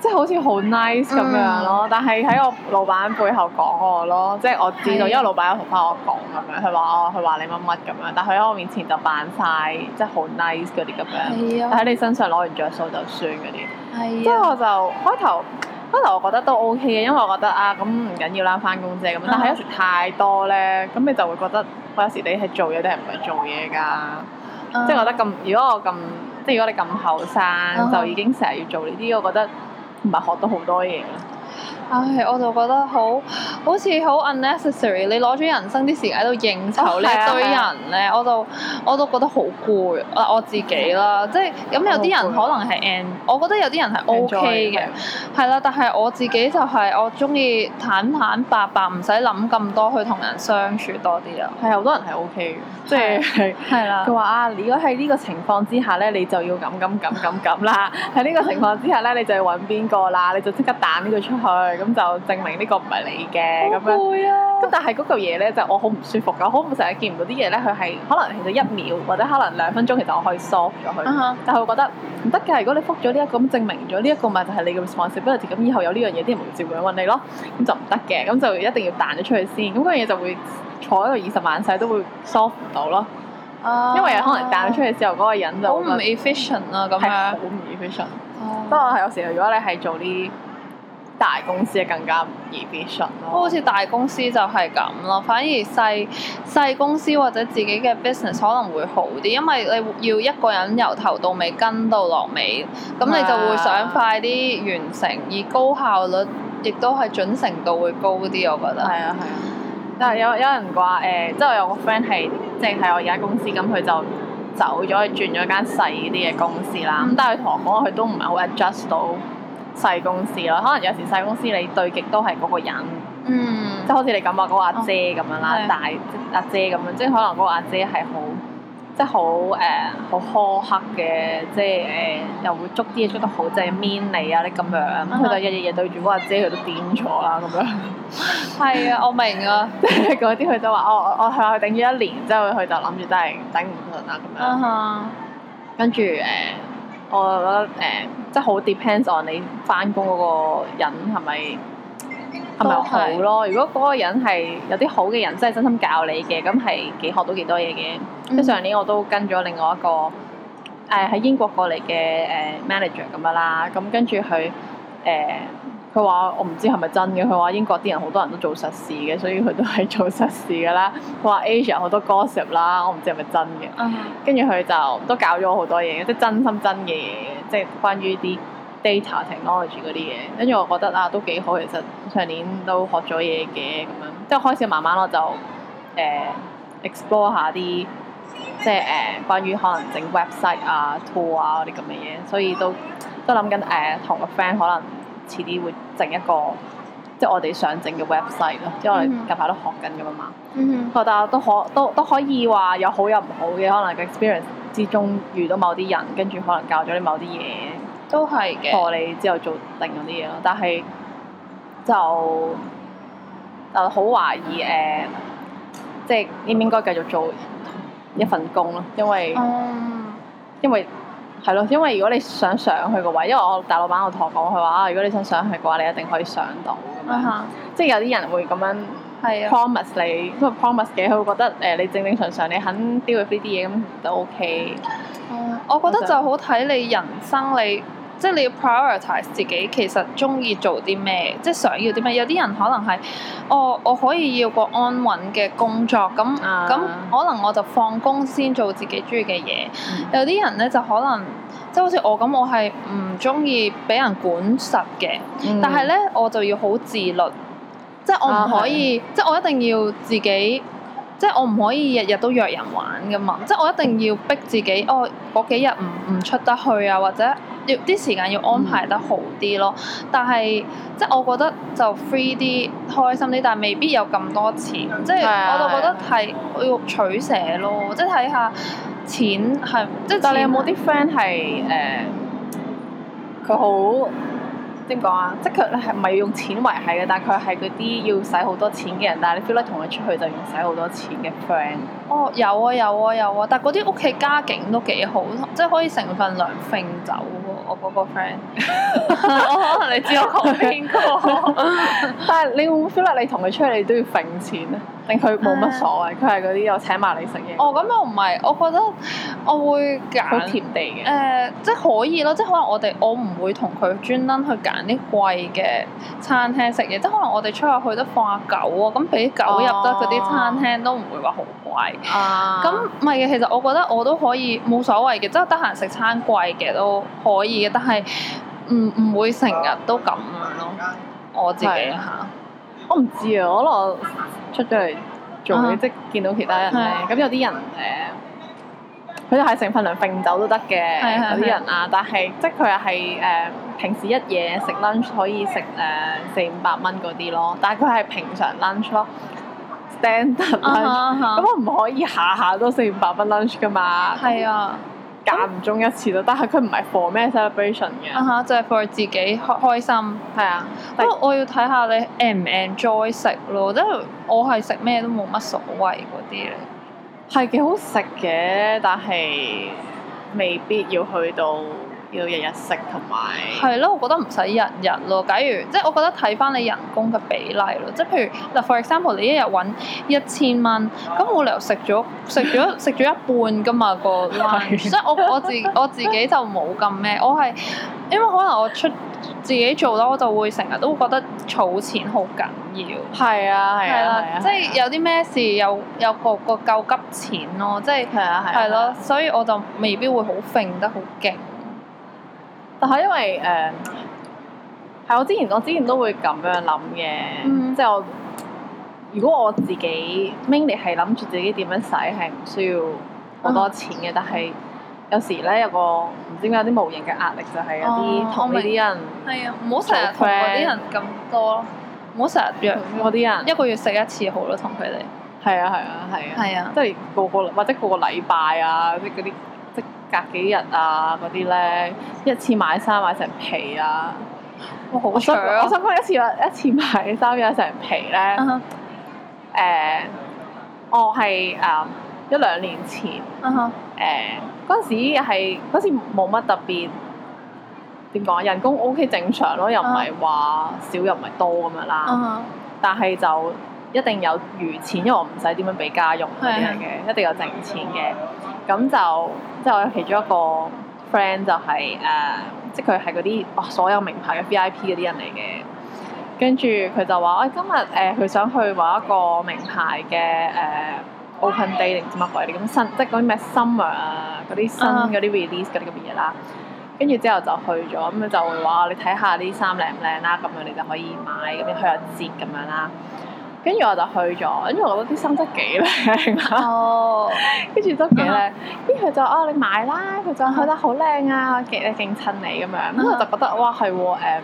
即係好似好 nice 咁樣咯，但係喺我老闆背後講我咯，即係我知道，的因為老闆有同翻我講咁樣，佢話我，佢話你乜乜咁樣，但佢喺我面前就扮晒，即係好 nice 嗰啲咁樣，的但喺你身上攞完着數就算嗰啲。的即係我就開頭開頭我覺得都 OK 嘅，因為我覺得啊咁唔緊要啦，翻工啫咁。但係有時太多咧，咁你就會覺得我有時你係做嘢，都係唔係做嘢噶？即係覺得咁，如果我咁，即係如果你咁後生，就已經成日要做呢啲，我覺得。唔係學到好多嘢。唉，我就覺得好好似好 unnecessary。你攞咗人生啲時間喺度應酬呢堆人咧，我就我都覺得好攰。嗱，我自己啦，即係咁有啲人可能係 e 我覺得有啲人係 ok 嘅，係啦。但係我自己就係我中意坦坦白白，唔使諗咁多去同人相處多啲啊。係，好多人係 ok 嘅，即係係啦。佢話啊，如果喺呢個情況之下咧，你就要咁咁咁咁咁啦。喺呢個情況之下咧，你就要揾邊個啦？你就即刻彈呢個出去。咁就證明呢個唔係你嘅咁樣。好攰啊！咁但係嗰嚿嘢咧，就係、我好唔舒服啊！好唔成日見唔到啲嘢咧，佢係可能其實一秒或者可能兩分鐘，其實我可以 solve 咗佢。Huh. 但係我覺得唔得嘅，如果你覆咗呢一個，咁證明咗呢一個咪就係你嘅 responsibility 咁以後有呢樣嘢，啲人照樣會問你咯。咁就唔得嘅，咁就一定要彈咗出去先。咁嗰嘢就會坐喺度二十萬世都會 solve 唔到咯。Uh huh. 因為可能彈咗出去之後，嗰、嗰個人就好唔 efficient 啦。係好唔 efficient。不過係、uh huh. 有時候，如果你係做啲。大公司啊，更加易變順咯，好似大公司就係咁咯，反而細細公司或者自己嘅 business 可能會好啲，因為你要一個人由頭到尾跟到落尾，咁你就會想快啲完成，啊、而高效率亦都係準程度會高啲，我覺得。係啊係啊，啊啊但係有有人話，誒、呃，即、就、係、是、我有個 friend 係，即係喺我而家公司，咁佢就走咗轉咗間細啲嘅公司啦。咁、嗯、但係佢同我講，佢都唔係好 adjust 到。細公司咯，可能有時細公司你對極都係嗰個人，嗯，即係好似你咁話嗰個阿姐咁樣啦，大阿姐咁樣，即係可能嗰個阿姐係好，即係好誒，好苛刻嘅，即係誒又會捉啲嘢捉得好，正即 mean 你啊你咁樣，咁佢就日日對住嗰個阿姐，佢都癲咗啦咁樣、啊。係啊， <laughs> 我明啊， <laughs> 即係嗰啲佢就話，我我係佢頂咗一年，之後佢就諗住真係頂唔順啦咁樣，啊嗯、跟住誒。我覺得誒、呃，即係好 depends on 你翻工嗰個人係咪係咪好咯？如果嗰個人係有啲好嘅人，真係真心教你嘅，咁係幾學到幾多嘢嘅。嗯、即上年我都跟咗另外一個誒喺、呃、英國過嚟嘅誒 manager 咁樣啦，咁跟住佢誒。佢話我唔知係咪真嘅，佢話英國啲人好多人都做實事嘅，所以佢都係做實事嘅啦。佢話 Asia 好多 gossip 啦，我唔知係咪真嘅。跟住佢就都搞咗好多嘢，即係真心真嘅嘢，即係關於啲 data technology 嗰啲嘢。跟住我覺得啊，都幾好，其實上年都學咗嘢嘅咁樣。即係開始慢慢我就誒、呃、explore 一下啲即係、呃、誒關於可能整 website 啊，tool 啊嗰啲咁嘅嘢。所以都都諗緊誒，同個 friend 可能。遲啲會整一個，即係我哋想整嘅 website 咯。因為、mm hmm. 近排都學緊咁啊嘛，我、mm hmm. 覺得都可都都可以話有好有唔好嘅，可能嘅 experience 之中遇到某啲人，跟住可能教咗你某啲嘢，都係嘅，助你之後做另外啲嘢咯。但係就啊好、呃、懷疑誒、呃，即係應唔應該繼續做一份工咯？因為、oh. 因為。係咯，因為如果你想上去個位，因為我大老闆我同我講，佢話啊，如果你想上去嘅話，你一定可以上到。Uh huh. 即係有啲人會咁樣 promise 你，promise 嘅佢會覺得誒你正正常常你肯 deal with 呢啲嘢咁都 OK。Uh huh. 我覺得就好睇你人生你。即係你要 prioritise 自己，其實中意做啲咩，即係想要啲咩。有啲人可能係我、哦、我可以要個安穩嘅工作，咁咁、啊、可能我就放工先做自己中意嘅嘢。嗯、有啲人咧就可能即係好似我咁，我係唔中意俾人管實嘅，嗯、但係咧我就要好自律，即係我唔可以，啊、係即係我一定要自己，即係我唔可以日日都約人玩㗎嘛。即係我一定要逼自己哦嗰幾日唔唔出得去啊，或者。要啲時間要安排得好啲咯，但係即係我覺得就 free 啲，嗯、開心啲，但係未必有咁多錢。嗯、即係、嗯、我就覺得係我要取捨咯，即係睇下錢係、嗯、即係。但係你有冇啲 friend 係誒？佢好點講啊？即係佢係唔係用錢維係嘅？但係佢係嗰啲要使好多錢嘅人，但係你 feel 得同佢出去就要使好多錢嘅 friend。哦，有啊，有啊，有啊！有啊但係嗰啲屋企家境都幾好，即係可以成份糧揈走，走。我嗰個 friend，我可能你知我講邊個，但係你會唔會 feel 到啊，你同佢出去你都要揈錢啊。令佢冇乜所謂，佢係嗰啲又請埋你食嘢。哦，咁又唔係，我覺得我會揀好甜地嘅。誒，即係可以咯，即係可能我哋我唔會同佢專登去揀啲貴嘅餐廳食嘢，即係可能我哋出外去得放下狗啊，咁俾狗入得嗰啲餐廳都唔會話好貴。啊，咁唔係嘅，其實我覺得我都可以冇所謂嘅，即係得閒食餐貴嘅都可以嘅，但係唔唔會成日都咁樣咯、嗯嗯嗯嗯嗯嗯。我自己嚇。嗯嗯嗯嗯我唔知啊，可能我出咗嚟做嘅，啊、即見到其他人咧，咁的有啲人誒，佢就係成份糧揈走都得嘅。有啲人啊，的但係即係佢係誒平時一嘢食 lunch 可以食誒、呃、四五百蚊嗰啲咯，但係佢係平常 lunch 咯，standard lunch，咁、啊啊啊、我唔可以下下都四五百蚊 lunch 噶嘛。的間唔中一次咯，但係佢唔係 for 咩 celebration 嘅，啊嚇，uh-huh, 就係 for 自己開開心，係啊。不過但係我要睇下你 en 唔 enjoy 食咯，即係我係食咩都冇乜所謂嗰啲咧。係幾好食嘅，但係未必要去到。要日日食同埋係咯，我覺得唔使日日咯。假如即係我覺得睇翻你人工嘅比例咯，即係譬如嗱，for example，你一日揾一千蚊，咁我哋又食咗食咗食咗一半噶嘛，個即 o 我我自我自己就冇咁咩，我係因為可能我出自己做咯，我就會成日都會覺得儲錢好緊要。係啊係啊，即係有啲咩事有又個個救急錢咯，即係係咯，所以我就未必會好揈得好勁。但係因為誒，係、呃啊、我之前我之前都會咁樣諗嘅，嗯、即係我如果我自己 mainly 係諗住自己點樣使，係唔需要好多錢嘅。啊、但係有時咧有個唔知點解有啲無形嘅壓力就一，就係有啲同呢啲人，係啊，唔好成日同嗰啲人咁多，唔好成日約嗰啲人，一個月食一次好咯，同佢哋。係啊，係啊，係啊，係啊，啊，啊，即係個個或者個個禮拜啊，即嗰啲。即隔幾日啊，嗰啲咧一次買衫買成皮啊！我好想， <laughs> 我想講一次，一次買，買一次買衫買成皮咧。誒、uh huh. 呃，我係誒、呃、一兩年前。誒、uh，嗰、huh. 陣、呃、時係好似冇乜特別，點講人工 O、OK、K 正常咯，又唔係話少、uh huh. 又唔係多咁樣啦。但係就。一定有餘錢，因為我唔使點樣俾家用嘅，的一定有剩錢嘅。咁就即係我有其中一個 friend 就係、是、誒、呃，即係佢係嗰啲所有名牌嘅 VIP 嗰啲人嚟嘅。跟住佢就話：誒、哎、今日誒佢想去某一個名牌嘅誒、呃、open day 定乜鬼啊嗰啲咁新，即係嗰啲咩 summer 啊嗰啲新嗰啲 release 嗰啲咁嘅嘢啦。跟住、uh huh. 之後就去咗，咁佢就會話：你睇下啲衫靚唔靚啦，咁樣你就可以買，咁樣佢有折咁樣啦。跟住我就去咗，跟住我覺得啲衫真幾靚啊！跟住都幾靚，跟住佢、uh huh. 就哦，你買啦，佢就去得好靚啊，勁誒勁襯你咁樣，咁我就覺得哇係喎、嗯、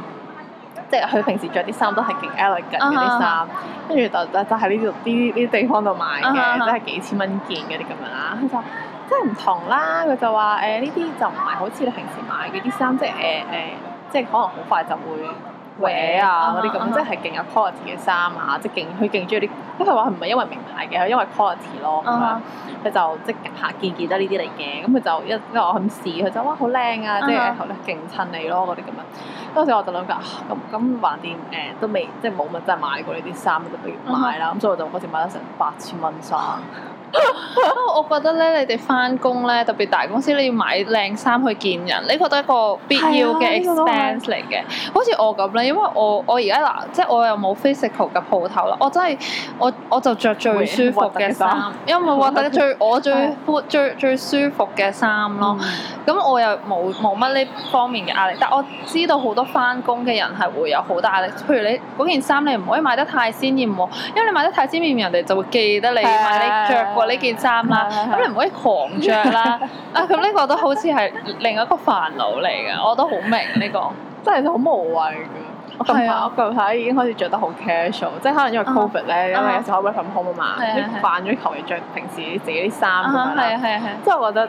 即係佢平時着啲衫都係勁 elegant 啲衫，跟住、uh huh. 就就就喺呢度呢啲地方度買嘅、uh huh. 即係幾千蚊件嗰啲咁樣啦。佢就即係唔同啦，佢就話誒呢啲就唔係好似你平時買嘅啲衫，即係誒誒，即係可能好快就會。嘅啊嗰啲咁，即係勁有 quality 嘅衫啊，即係勁佢勁中意啲。即係話唔係因為名牌嘅，因為 quality 咯。佢就即係拍件件得呢啲嚟嘅。咁佢就一因為我咁試，佢就哇好靚啊！Uh huh. 即係頭咧勁襯你咯嗰啲咁樣。當時我就諗緊，咁咁橫掂誒都未即係冇乜真係買過呢啲衫，就不如買啦。咁、uh huh. 所以我就嗰時買咗成八千蚊衫。 <laughs> 我覺得咧，你哋翻工咧，特別大公司，你要買靚衫去見人，你覺得一個必要嘅 expense 嚟嘅。好似我咁啦，因為我我而家嗱，即係我又冇 physical 嘅鋪頭啦，我真係我我就着最舒服嘅衫，因為我覺得最我最 fit 最最舒服嘅衫咯。咁我又冇冇乜呢方面嘅壓力，但我知道好多翻工嘅人係會有好大壓力。譬如你嗰件衫你唔可以買得太鮮豔喎，因為你買得太鮮豔，人哋就會記得你買你着。呢、哦、件衫啦，咁是你唔可以狂着啦。 <laughs> 啊，咁、這、呢個都好似係另一個煩惱嚟嘅。我都好明呢、這個真。真係好無謂㗎！我近排我近排已經開始着得好 casual，即係可能因為 covid 咧、嗯，因為有時可以 work from home 啊嘛是，變慣咗求其着平時自己啲衫啊，啊，樣啊，即係我覺得。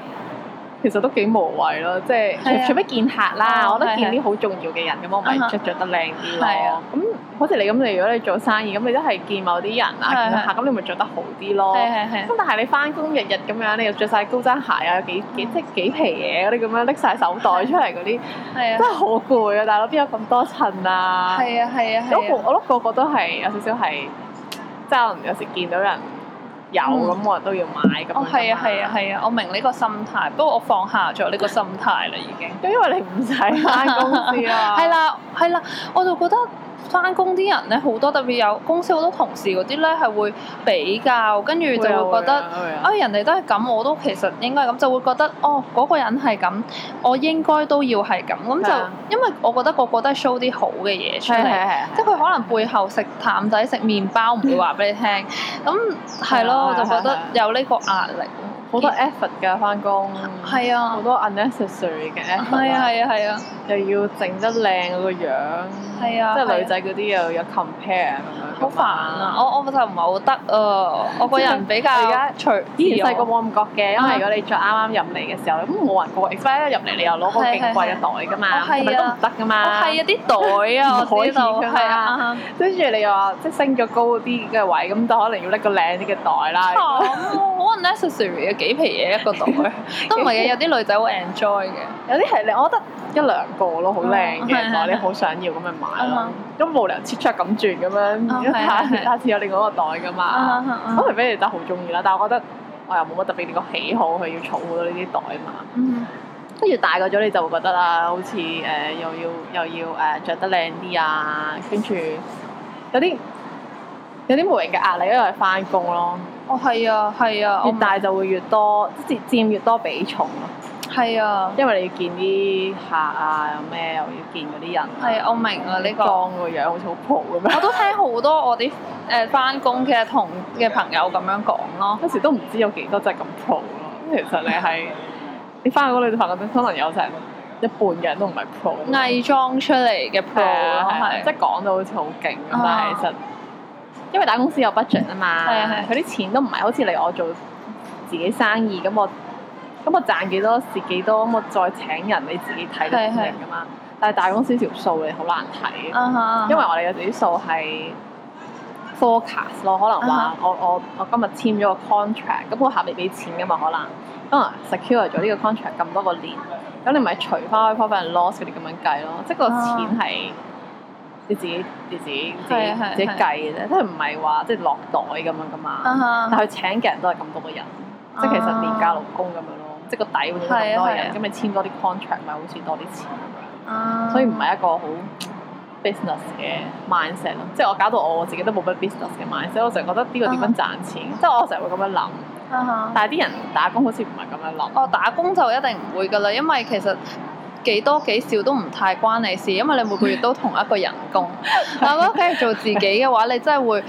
其實都幾無謂咯，即係除除咗見客啦，我都見啲好重要嘅人，咁我咪着著得靚啲咯。咁好似你咁，你如果你做生意，咁你都係見某啲人啊見客，咁你咪着得好啲咯。咁但係你翻工日日咁樣，你又着晒高踭鞋啊，幾幾即係幾皮嘢嗰啲咁樣拎晒手袋出嚟嗰啲，真係好攰啊！大佬邊有咁多襯啊？係啊係啊，我個我覺得個個都係有少少係，即係有時見到人。有咁我都要買咁樣。係啊，係啊，係啊，我明呢個心態，不過我放下咗呢個心態啦，已經。因為你唔使買公司啊。係啦，係啦，我就覺得。翻工啲人咧好多，特別有公司好多同事嗰啲咧係會比較，跟住就會覺得啊，人哋都係咁，我都其實應該咁，就會覺得哦，嗰個人係咁，我應該都要係咁，咁就因為我覺得個個都係 show 啲好嘅嘢出嚟，即係佢可能背後食淡仔食麪包唔會話俾你聽，咁係咯，我就覺得有呢個壓力，好多 effort 嘅翻工，係啊，好多 unnecessary 嘅，係啊係啊係啊，又要整得靚個樣。係啊，即係女仔嗰啲又有 compare 咁樣，好煩啊！我我就唔係好得啊，我個人比較。而家除以前細個冇咁覺嘅，因為如果你着啱啱入嚟嘅時候，咁冇人過，反而一入嚟你又攞個勁貴嘅袋㗎嘛，係咪都唔得㗎嘛？係啊，啲袋啊，唔好睇佢啊！跟住你又話即係升咗高啲嘅位，咁就可能要拎個靚啲嘅袋啦。錯，好 unnecessary 嘅幾皮嘢一個袋，都唔係嘅。有啲女仔會 enjoy 嘅，有啲係你。我覺得。一兩個咯，好靚嘅袋，uh, 你好想要咁咪買咯，咁無良切出咁轉咁樣，下下次有另外個袋噶嘛，可能俾你就好中意啦。但係我覺得我又冇乜特別嘅喜好去要儲好多呢啲袋啊嘛。跟住、uh huh. 大個咗你就會覺得啦，好似誒、呃、又要又要誒、呃、著得靚啲啊，跟住有啲有啲無形嘅壓力，因為翻工咯。哦、uh，係啊，係啊，越大就會越多，即係佔越多比重。係對啊，因為你要見啲客啊，有咩又要見嗰啲人、啊。係我明啊呢個妝個樣好似好 pro 咁樣。我都聽好多我啲誒翻工嘅同嘅朋友咁樣講咯，有時都唔知有幾多隻咁 pro 咯。其實你係你翻去嗰度你發覺真可能有成一半嘅人都唔係 pro，偽裝出嚟嘅 pro 即係講到好似好勁咁，啊、但係其實因為打公司有 budget 啊嘛對對對，係啊係，佢啲錢都唔係好似嚟我做自己生意咁我。咁、嗯、我賺幾多蝕幾多，咁、嗯、我再請人你自己睇得明㗎嘛。但係大公司條數你好難睇，uh、huh，因為我哋有時啲數係 forecast 咯，可能話我我我今日簽咗個 contract，咁我合邊俾錢㗎嘛，可能咁 secure 咗呢個 contract 咁多個年，咁你咪除翻開 profit and loss 嗰啲咁樣計咯，即係個錢係你自己你自己、uh huh. 你自己、uh huh. 自己計嘅啫，即係唔係話即係落袋咁樣㗎嘛。Uh huh. 但佢請嘅人都係咁多個人，uh huh. 即係其實年假勞工咁樣咯。即個底會多啲嘢，咁你簽多啲 contract 咪好似多啲錢咁樣，嗯、所以唔係一個好 business 嘅 mindset 咯。即我搞到我自己都冇乜 business 嘅 mindset，我成日覺得呢個點樣賺錢，uh huh. 即我成日會咁樣諗。Uh huh. 但係啲人打工好似唔係咁樣諗。Uh huh. 哦，打工就一定唔會㗎啦，因為其實幾多幾少，少，少都唔太關你事，因為你每個月都同一個人工。但我屋企係做自己嘅話， <laughs> 你真係會。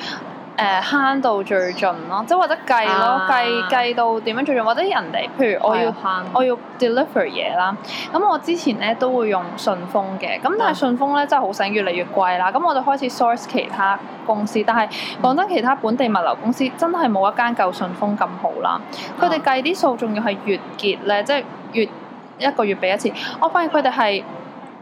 誒慳、呃、到最盡咯，即係或者計咯、啊，計計到點樣最盡？或者人哋譬如我要、啊、我要 deliver 嘢啦，咁我之前咧都會用順豐嘅，咁但係順豐咧真係好醒，越嚟越貴啦，咁我就開始 source 其他公司，但係講真，嗯、其他本地物流公司真係冇一間夠順豐咁好啦，佢哋計啲數仲要係月結咧，即係月一個月俾一次，我發現佢哋係。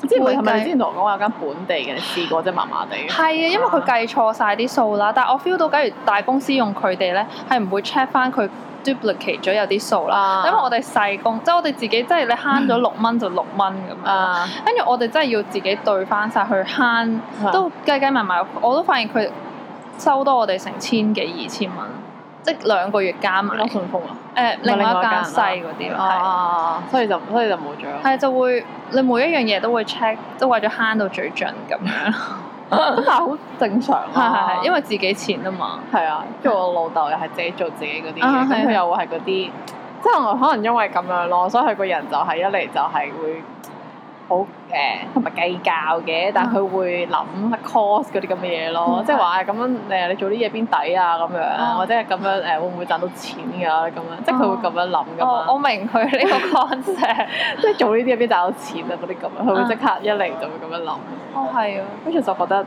即係唔係咪之前同我講，話有間本地嘅，你試過即麻麻地？係啊，因為佢計錯晒啲數啦。但係我 feel 到，假如大公司用佢哋咧，係唔會 check 翻佢 duplicate 咗有啲數啦。因為我哋細工，即係我哋自己，即係你慳咗六蚊就六蚊咁啊。跟住我哋真係要自己對翻晒去慳都計計埋埋，我都發現佢收多我哋成千幾二千蚊。即兩個月加埋咯順豐啊！誒，另外一間細嗰啲咯，哦，哦，所以就所以就冇咗。係就會你每一樣嘢都會 check，都為咗慳到最盡咁樣，但係好正常啊！係係，因為自己錢啊嘛。係啊，即我老豆又係自己做自己嗰啲嘢，佢又會係嗰啲，即係我可能因為咁樣咯，所以佢個人就係一嚟就係會。好，誒同埋計較嘅，但佢會諗 cost 嗰啲咁嘅嘢咯，即係話咁樣誒，你做啲嘢邊抵啊咁樣，嗯、或者係咁樣誒，會唔會賺到錢㗎、啊、咁樣？即係佢會咁樣諗噶嘛。我明佢呢個 concept，即係做呢啲嘢邊賺到錢啊嗰啲咁，佢會即刻一嚟就會咁樣諗、嗯。哦，係啊，跟住就覺得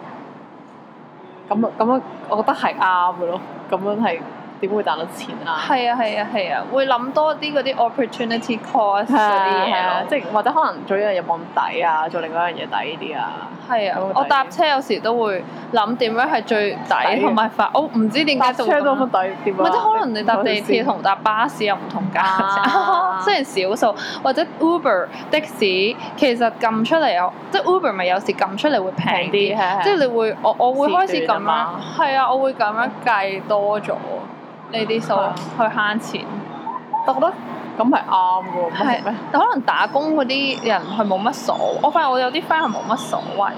咁咁樣，我覺得係啱嘅咯，咁樣係。點會賺到錢啊？係啊係啊係啊，會諗多啲嗰啲 opportunity cost 啲嘢啊，即係或者可能做一樣嘢冇咁抵啊，做另外一樣嘢抵啲啊。係啊，我搭車有時都會諗點樣係最抵，同埋發我唔知點解搭車都咁抵，點樣？或者可能你搭地鐵同搭巴士有唔同價錢，雖然少數或者 Uber 的士其實撳出嚟啊，即係 Uber 咪有時撳出嚟會平啲，即係你會我我會開始撳啊，係啊，我會咁樣計多咗。呢啲數去慳錢，嗯，我覺得咁係啱嘅。係是，但可能打工嗰啲人係冇乜所。我發現我有啲 friend 冇乜所謂。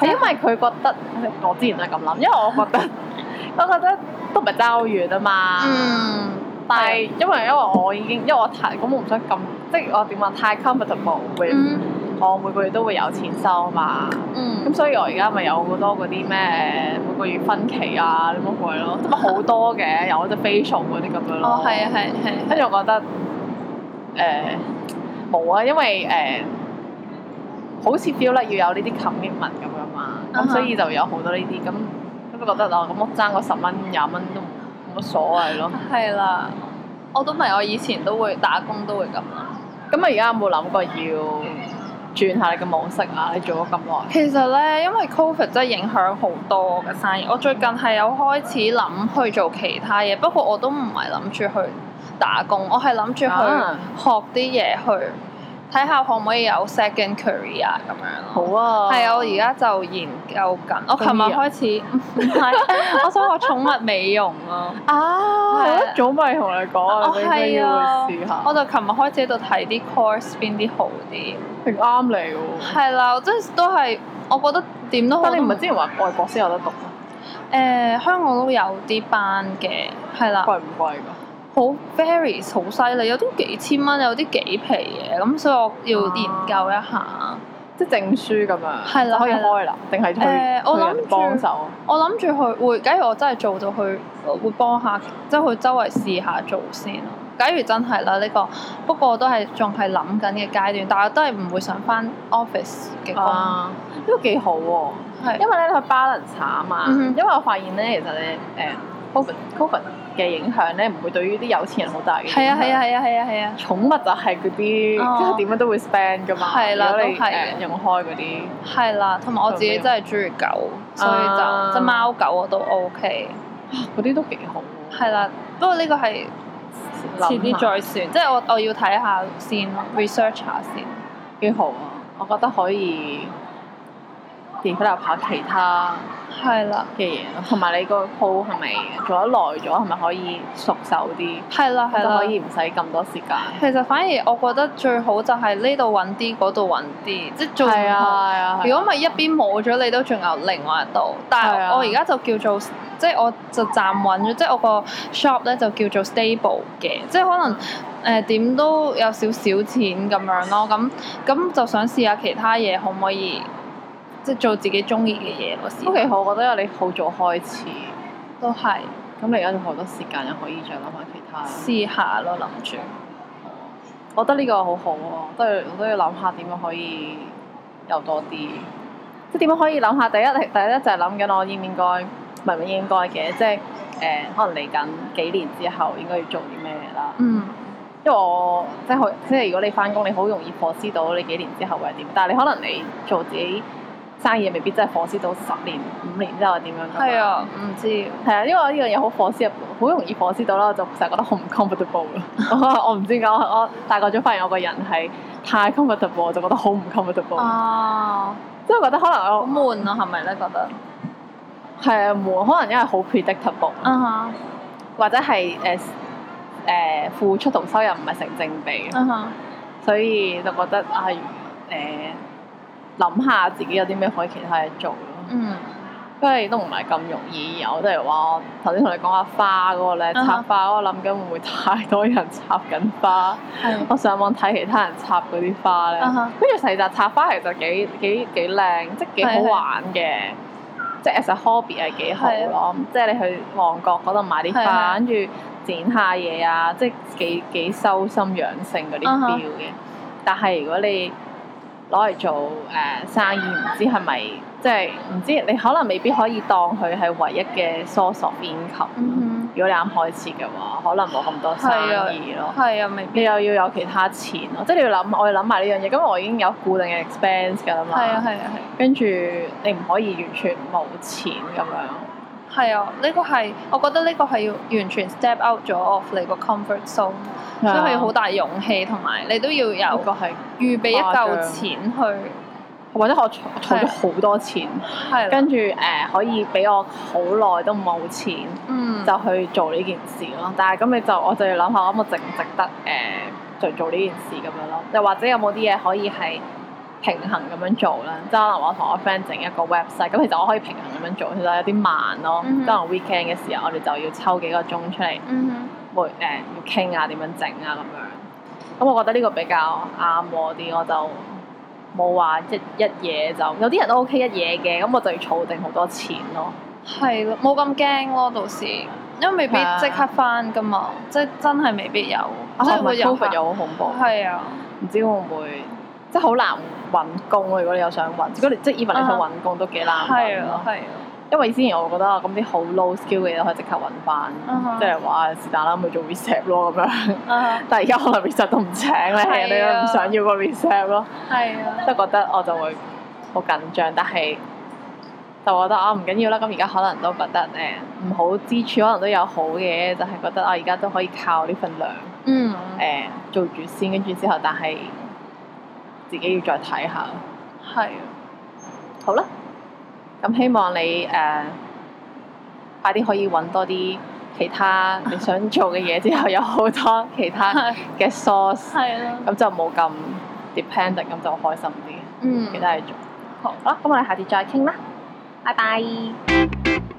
係 Yeah. 因為佢覺得我之前都係咁諗，因為我覺得 <laughs> <laughs> 我覺得都唔係爭好遠啊嘛。嗯，但係因為因為我已經因為我太咁，我唔想咁，即係我點話太 comfortable。嗯。我每個月都會有錢收嘛、嗯嗯，咁所以我而家咪有好多嗰啲咩每個月分期啊啲乜鬼咯，即啊好多嘅有好多 Facebook 嗰啲咁樣咯。哦，係啊，係係、啊。跟住、啊、我覺得誒冇、呃、啊，因為誒、呃、好似 feel 得要有呢啲 commitment 咁啊嘛，咁、啊、所以就有好多呢啲咁咁，嗯嗯嗯、覺得啊咁我爭個十蚊廿蚊都冇乜所謂咯。係啦，我都唔係，我以前都會打工都會咁。咁啊，而家有冇諗過要、嗯？轉下你嘅模式啊！你做咗咁耐。其實咧，因為 Covid 真係影響好多嘅生意。我最近係有開始諗去做其他嘢，不過我都唔係諗住去打工，我係諗住去學啲嘢去。睇下可唔可以有 second career 咁樣咯。好啊。係啊，我而家就研究緊。我琴日開始，唔係，我想學寵物美容啊。啊！我啊，早咪同你講，你都要去試下。我就琴日開始喺度睇啲 course 邊啲好啲。係啱你喎。係啦，即係都係，我覺得點都好。你唔係之前話外國先有得讀啊？誒，香港都有啲班嘅。係啦。貴唔貴㗎？好 varies，好犀利，有啲幾千蚊，有啲幾皮嘅，咁所以我要研究一下。啊、即證書咁樣。係啦的，可以開啦，定係誒？我諗住，我諗住去會。假如我真係做到去，會幫下，即係去周圍試下做先咯。假如真係啦，呢、這個不過都係仲係諗緊嘅階段，但係都係唔會想返 office 嘅關。呢、啊這個幾好喎、啊，是因為咧，佢 balance 啊嘛。嗯、哼因為我發現咧，其實咧，誒、呃。Covid Covid 嘅影響咧，唔會對於啲有錢人好大嘅。係啊係啊係啊係啊係啊！啊啊啊寵物就係嗰啲，哦、即係點樣都會 spend 噶嘛。係啦、啊，係嘅是、嗯，用開嗰啲。係啦、啊，同埋我自己真係中意狗，嗯、所以就即貓狗我、啊、都 OK。嗰啲都幾好。係啦，不過呢個係遲啲再算，即係我我要睇下先看看 research 下先。幾好啊！我覺得可以。電費又跑其他係啦嘅嘢，同埋你個鋪係咪做得耐咗？係咪可以熟手啲？係啦，係啦，可以唔使咁多時間。其實反而我覺得最好就係呢度揾啲，嗰度揾啲，即係做。係啊，如果唔係一邊冇咗，你都仲有另外一度。但係我而家就叫做是的 即係，我就站穩咗，即係我個 shop 咧就叫做 stable 嘅，即係可能誒點、呃、都有少少錢咁樣咯。咁咁就想試下其他嘢，可唔可以？即係做自己中意嘅嘢嗰時，OK 好，我覺得有你好早開始都係咁。你而家仲好多時間，又可以再諗下其他試下咯，諗住、嗯。我覺得呢個好好喎，都要我都要諗下點樣可以有多啲，即係點樣可以諗下第一第一，第一就係諗緊我應唔應該，唔係唔應該嘅，即係誒、呃、可能嚟緊幾年之後應該要做啲咩啦。嗯，因為我即係即係如果你翻工，你好容易破失到你幾年之後會係點，但係你可能你做自己。生意未必真係放肆到十年五年之後點樣咁咯？係啊，唔知係啊，因為我呢樣嘢好放肆，好容易放肆到啦，我就成日覺得好唔 comfortable。我唔知點解，我大個咗發現我個人係太 comfortable，我就覺得好唔 comfortable。哦，啊，即係覺得可能好悶啊，係咪咧？覺得係啊，悶。可能因為好 predictable，uh huh. 或者係誒誒付出同收入唔係成正比，uh huh. 所以就覺得啊誒。呃呃呃諗下自己有啲咩可以其他嘢做咯，嗯，不過亦都唔係咁容易有。都係話頭先同你講下花嗰個咧，插花我個諗緊會唔會太多人插緊花？我上網睇其他人插嗰啲花咧，跟住實集插花其實幾幾幾靚，即係幾好玩嘅，即係其實 hobby 係幾好咯。即係你去旺角嗰度買啲花，跟住剪下嘢啊，即係幾幾修心養性嗰啲 feel 嘅。但係如果你攞嚟做誒生意，唔知係咪，即係唔知你可能未必可以當佢係唯一嘅收入源頭。如果你啱開始嘅話，可能冇咁多生意咯。係啊，啊未必你又要有其他錢咯，即係你要諗，我要諗埋呢樣嘢。因為我已經有固定嘅 expense 㗎嘛。係啊，係啊，係。跟住你唔可以完全冇錢咁樣。係啊，呢、這個係我覺得呢個係要完全 step out 咗你個 comfort zone，所 Yeah. 以係好大勇氣同埋你都要有個係預備一嚿錢去，或者我儲咗好多錢，跟住誒可以俾我好耐都冇錢，嗯，就去做呢件事咯。但係咁你就我就要諗下，我冇值唔值得誒就、呃、做呢件事咁樣咯？又或者有冇啲嘢可以係？平衡咁樣做啦，即係可能我同我 friend 整一個 website，咁其實我可以平衡咁樣做，其實有啲慢咯。當然 weekend 嘅時候，我哋就要抽幾個鐘出嚟，嗯、會誒要傾下點樣整啊咁樣。咁、嗯、我覺得呢個比較啱我啲，我就冇話一一嘢就，有啲人都 OK 一嘢嘅，咁、嗯、我就要儲定好多錢咯。係咯、啊，冇咁驚咯，到時因為未必即刻返㗎嘛，即係真係未必有，即係、啊啊、會，會有。好、哦啊、恐怖。係啊，唔知會唔會？真係好難揾工咯！如果你有想揾，如果你即係以為你想揾工、uh huh. 都幾難揾咯。Uh huh. 因為之前我覺得啊，咁啲好 low skill 嘅嘢可以、uh huh. 即刻揾翻，即係話是但啦，咪做 recept 咯咁樣。Uh huh. 但係而家可能 recept 都唔請咧，uh huh. 你又唔想要個 reception 咯、uh，huh. 都覺得我就會好緊張。但係就覺得啊，唔緊要啦。咁而家可能都覺得誒唔、呃、好之處，可能都有好嘅，就係、是、覺得我而家都可以靠呢份糧，誒、uh huh. 呃、做住先，跟住之後，但係。但自己要再睇下，係的，好啦，咁希望你誒、uh, 快啲可以揾多啲其他你想做嘅嘢，之後有好多其他嘅 source，咁 <laughs> 的就冇咁 dependent，咁就開心啲。嗯，其他嘢做，好，好啦，咁我哋下次再傾啦，拜拜。